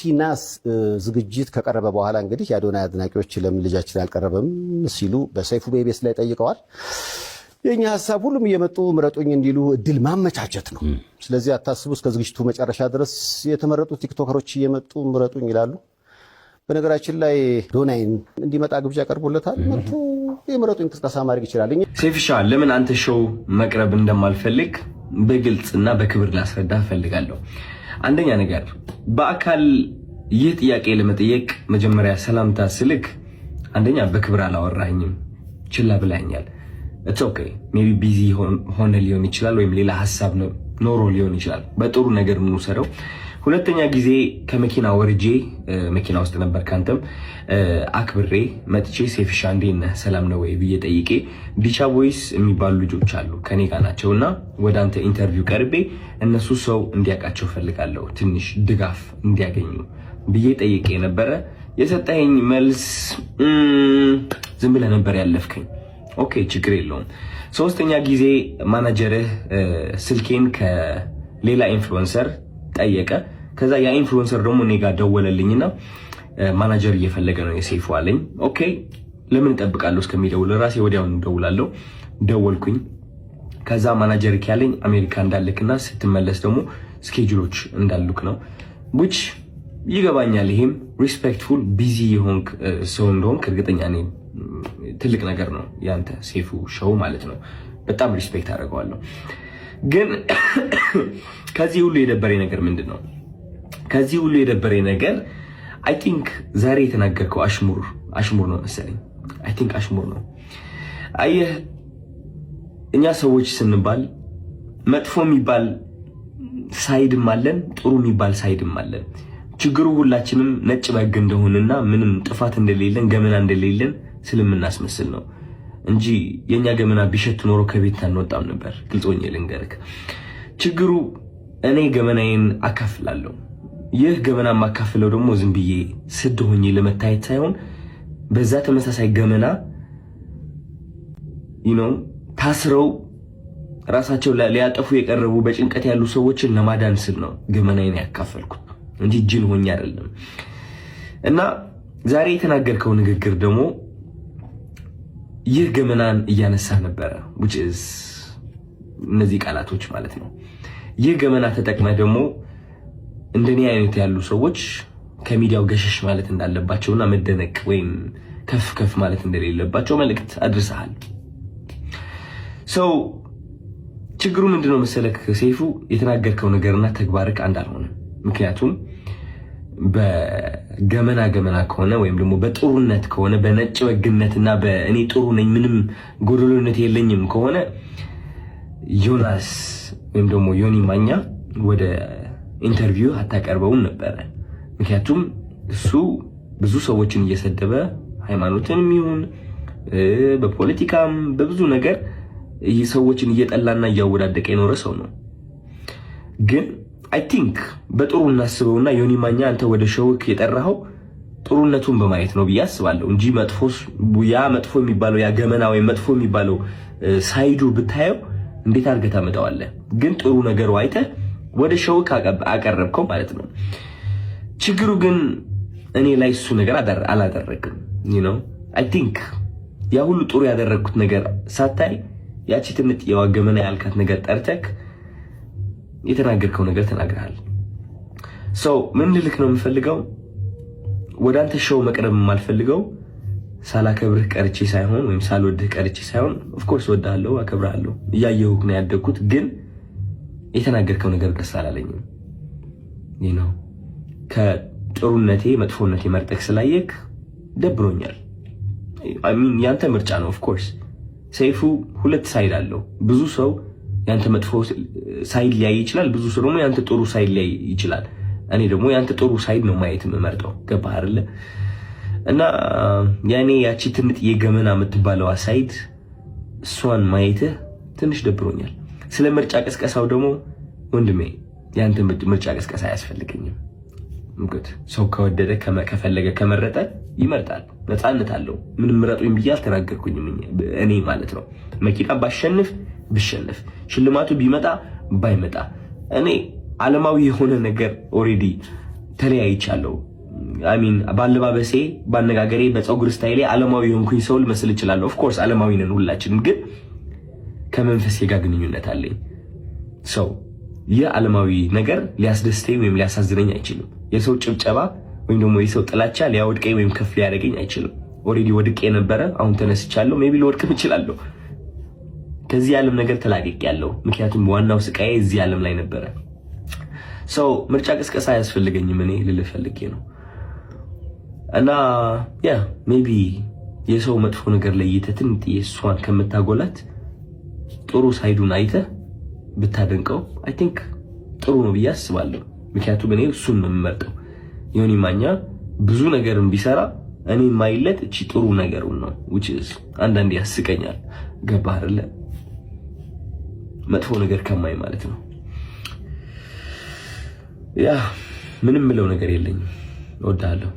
ቲናስ ዝግጅት ከቀረበ በኋላ እንግዲህ የአዶናይ አድናቂዎች ለምን ልጃችን አልቀረበም ሲሉ በሰይፉ ቤቤስ ላይ ጠይቀዋል። የእኛ ሀሳብ ሁሉም እየመጡ ምረጡኝ እንዲሉ እድል ማመቻቸት ነው። ስለዚህ አታስቡ፣ እስከ ዝግጅቱ መጨረሻ ድረስ የተመረጡ ቲክቶከሮች እየመጡ ምረጡኝ ይላሉ። በነገራችን ላይ ዶናይን እንዲመጣ ግብዣ ቀርቦለታል። መጡ የምረጡኝ ቅስቀሳ ማድረግ ይችላል። ሴፍሻ ለምን አንተ ሾው መቅረብ እንደማልፈልግ በግልጽና በክብር ላስረዳ እፈልጋለሁ። አንደኛ ነገር በአካል ይህ ጥያቄ ለመጠየቅ መጀመሪያ ሰላምታ ስልክ፣ አንደኛ በክብር አላወራኝም፣ ችላ ብላኛል። ኦኬ ሜቢ ቢዚ ሆነ ሊሆን ይችላል፣ ወይም ሌላ ሀሳብ ኖሮ ሊሆን ይችላል። በጥሩ ነገር የምንውሰደው ሁለተኛ ጊዜ ከመኪና ወርጄ መኪና ውስጥ ነበር። ካንተም አክብሬ መጥቼ ሴፍሻ እንዴነ ሰላም ነው ወይ ብዬ ጠይቄ ዲቻ ቦይስ የሚባሉ ልጆች አሉ ከኔ ጋር ናቸው እና ወደ አንተ ኢንተርቪው ቀርቤ እነሱ ሰው እንዲያውቃቸው ፈልጋለሁ ትንሽ ድጋፍ እንዲያገኙ ብዬ ጠይቄ ነበረ። የሰጠኸኝ መልስ ዝም ብለህ ነበር ያለፍከኝ። ኦኬ ችግር የለውም። ሶስተኛ ጊዜ ማናጀርህ ስልኬን ከሌላ ኢንፍሉዌንሰር ጠየቀ። ከዛ ያ ኢንፍሉዌንሰር ደግሞ እኔ ጋር ደወለልኝና ማናጀር እየፈለገ ነው የሰይፉ አለኝ። ኦኬ ለምን እጠብቃለሁ እስከሚደውል ራሴ ወዲያውን እደውላለሁ። ደወልኩኝ። ከዛ ማናጀር ያለኝ አሜሪካ እንዳልክና ስትመለስ ደግሞ ስኬጁሎች እንዳሉክ ነው ዊች ይገባኛል። ይሄም ሪስፔክትፉል ቢዚ የሆንክ ሰው እንደሆንክ እርግጠኛ ነኝ። ትልቅ ነገር ነው ያንተ ሴፉ ሸው ማለት ነው። በጣም ሪስፔክት አደርገዋለሁ። ግን ከዚህ ሁሉ የደበረኝ ነገር ምንድን ነው? ከዚህ ሁሉ የደበረ ነገር አይ ቲንክ ዛሬ የተናገርከው አሽሙር አሽሙር ነው መሰለኝ። አይ ቲንክ አሽሙር ነው። አየህ እኛ ሰዎች ስንባል መጥፎ የሚባል ሳይድም አለን፣ ጥሩ የሚባል ሳይድም አለን። ችግሩ ሁላችንም ነጭ በግ እንደሆንና ምንም ጥፋት እንደሌለን ገመና እንደሌለን ስለምናስመስል ነው እንጂ የእኛ ገመና ቢሸት ኖሮ ከቤት አንወጣም ነበር። ግልጾኝ ልንገርክ፣ ችግሩ እኔ ገመናዬን አካፍላለሁ ይህ ገመና የማካፍለው ደግሞ ዝም ብዬ ስድ ሆኜ ለመታየት ሳይሆን በዛ ተመሳሳይ ገመና ነው ታስረው ራሳቸው ሊያጠፉ የቀረቡ በጭንቀት ያሉ ሰዎችን ለማዳን ስል ነው ገመናዬን ያካፈልኩት እንጂ ጅል ሆኜ አይደለም። እና ዛሬ የተናገርከው ንግግር ደግሞ ይህ ገመናን እያነሳ ነበረ። እነዚህ ቃላቶች ማለት ነው። ይህ ገመና ተጠቅመህ ደግሞ እንደኔ አይነት ያሉ ሰዎች ከሚዲያው ገሸሽ ማለት እንዳለባቸውና መደነቅ ወይም ከፍ ከፍ ማለት እንደሌለባቸው መልእክት አድርሰሃል። ሰው ችግሩ ምንድነው መሰለክ ሰይፉ፣ የተናገርከው ነገርና ተግባርክ አንድ አልሆነ። ምክንያቱም በገመና ገመና ከሆነ ወይም ደግሞ በጥሩነት ከሆነ በነጭ በግነትና በእኔ ጥሩ ነኝ ምንም ጎደሎነት የለኝም ከሆነ ዮናስ ወይም ደግሞ ዮኒ ማኛ ወደ ኢንተርቪው አታቀርበውም ነበረ። ምክንያቱም እሱ ብዙ ሰዎችን እየሰደበ ሃይማኖትንም ይሁን በፖለቲካም በብዙ ነገር ሰዎችን እየጠላና እያወዳደቀ የኖረ ሰው ነው። ግን አይ ቲንክ በጥሩ እናስበውና ዮኒ ማኛ አንተ ወደ ሸውክ የጠራኸው ጥሩነቱን በማየት ነው ብዬ አስባለሁ እንጂ ያ መጥፎ የሚባለው ያ ገመና ወይም መጥፎ የሚባለው ሳይዱ ብታየው እንዴት አድርገህ ታመጣዋለህ? ግን ጥሩ ነገሩ አይተህ ወደ ሸውክ አቀረብከው ማለት ነው። ችግሩ ግን እኔ ላይ እሱ ነገር አላደረግም ነው። አይ ቲንክ ያ ሁሉ ጥሩ ያደረግኩት ነገር ሳታይ ያቺ ትንጥ የዋገመና ያልካት ነገር ጠርተክ የተናገርከው ነገር ተናግረሃል። ሰው ምን ልልክ ነው የምፈልገው፣ ወደ አንተ ሸው መቅረብ የማልፈልገው ሳላከብርህ ቀርቼ ሳይሆን ወይም ሳልወድህ ቀርቼ ሳይሆን፣ ኦፍኮርስ ወድሃለሁ፣ አከብርሃለሁ እያየሁህ ነው ያደግኩት ግን የተናገርከው ነገር ደስ አላለኝም ነው ከጥሩነቴ መጥፎነቴ መርጠቅ ስላየክ ደብሮኛል። ያንተ ምርጫ ነው። ኦፍኮርስ ሰይፉ ሁለት ሳይድ አለው። ብዙ ሰው ያንተ መጥፎ ሳይድ ሊያይ ይችላል፣ ብዙ ሰው ደግሞ ያንተ ጥሩ ሳይድ ሊያይ ይችላል። እኔ ደግሞ ያንተ ጥሩ ሳይድ ነው ማየት የምመርጠው። ገባህ አይደለ? እና ያኔ ያቺ ትምጥ የገመና የምትባለዋ ሳይድ እሷን ማየትህ ትንሽ ደብሮኛል። ስለ ምርጫ ቅስቀሳው ደግሞ ወንድሜ የአንተ ምርጫ ቅስቀሳ አያስፈልገኝም። ምክት ሰው ከወደደ ከፈለገ ከመረጠ ይመርጣል። ነፃነት አለው። ምን ምረጡኝ ብዬ አልተናገርኩኝም እኔ ማለት ነው። መኪና ባሸንፍ ብሸንፍ፣ ሽልማቱ ቢመጣ ባይመጣ እኔ ዓለማዊ የሆነ ነገር ኦሬዲ ተለያይቻለሁ። አሚን በአለባበሴ፣ በአነጋገሬ፣ በፀጉር ስታይሌ ዓለማዊ የሆንኩኝ ሰው ልመስል እችላለሁ። ኦፍኮርስ ዓለማዊ ነን ሁላችንም ግን ከመንፈሴ ጋር ግንኙነት አለኝ። ሰው ይህ ዓለማዊ ነገር ሊያስደስተኝ ወይም ሊያሳዝነኝ አይችልም። የሰው ጭብጨባ ወይም ደግሞ የሰው ጥላቻ ሊያወድቀኝ ወይም ከፍ ሊያደርገኝ አይችልም። ኦልሬዲ ወድቄ የነበረ አሁን ተነስቻለሁ። ቢ ልወድቅም እችላለሁ። ከዚህ ዓለም ነገር ተላቅቄያለሁ። ምክንያቱም ዋናው ስቃዬ እዚህ ዓለም ላይ ነበረ። ሰው ምርጫ ቅስቀሳ አያስፈልገኝም። እኔ ልልህ ፈልጌ ነው እና ያ የሰው መጥፎ ነገር ለይተትን እሷን ከምታጎላት ጥሩ ሳይዱን አይተህ ብታደንቀው አይ ቲንክ ጥሩ ነው ብዬ አስባለሁ። ምክንያቱም እኔ እሱን ነው የምመርጠው። ዮኒ ማኛ ብዙ ነገርን ቢሰራ እኔ ማይለት እቺ ጥሩ ነገሩን ነው which is አንዳንዴ ያስቀኛል። ገባህ አይደለ? መጥፎ ነገር ከማይ ማለት ነው። ያ ምንም ምለው ነገር የለኝም። እወድሃለሁ።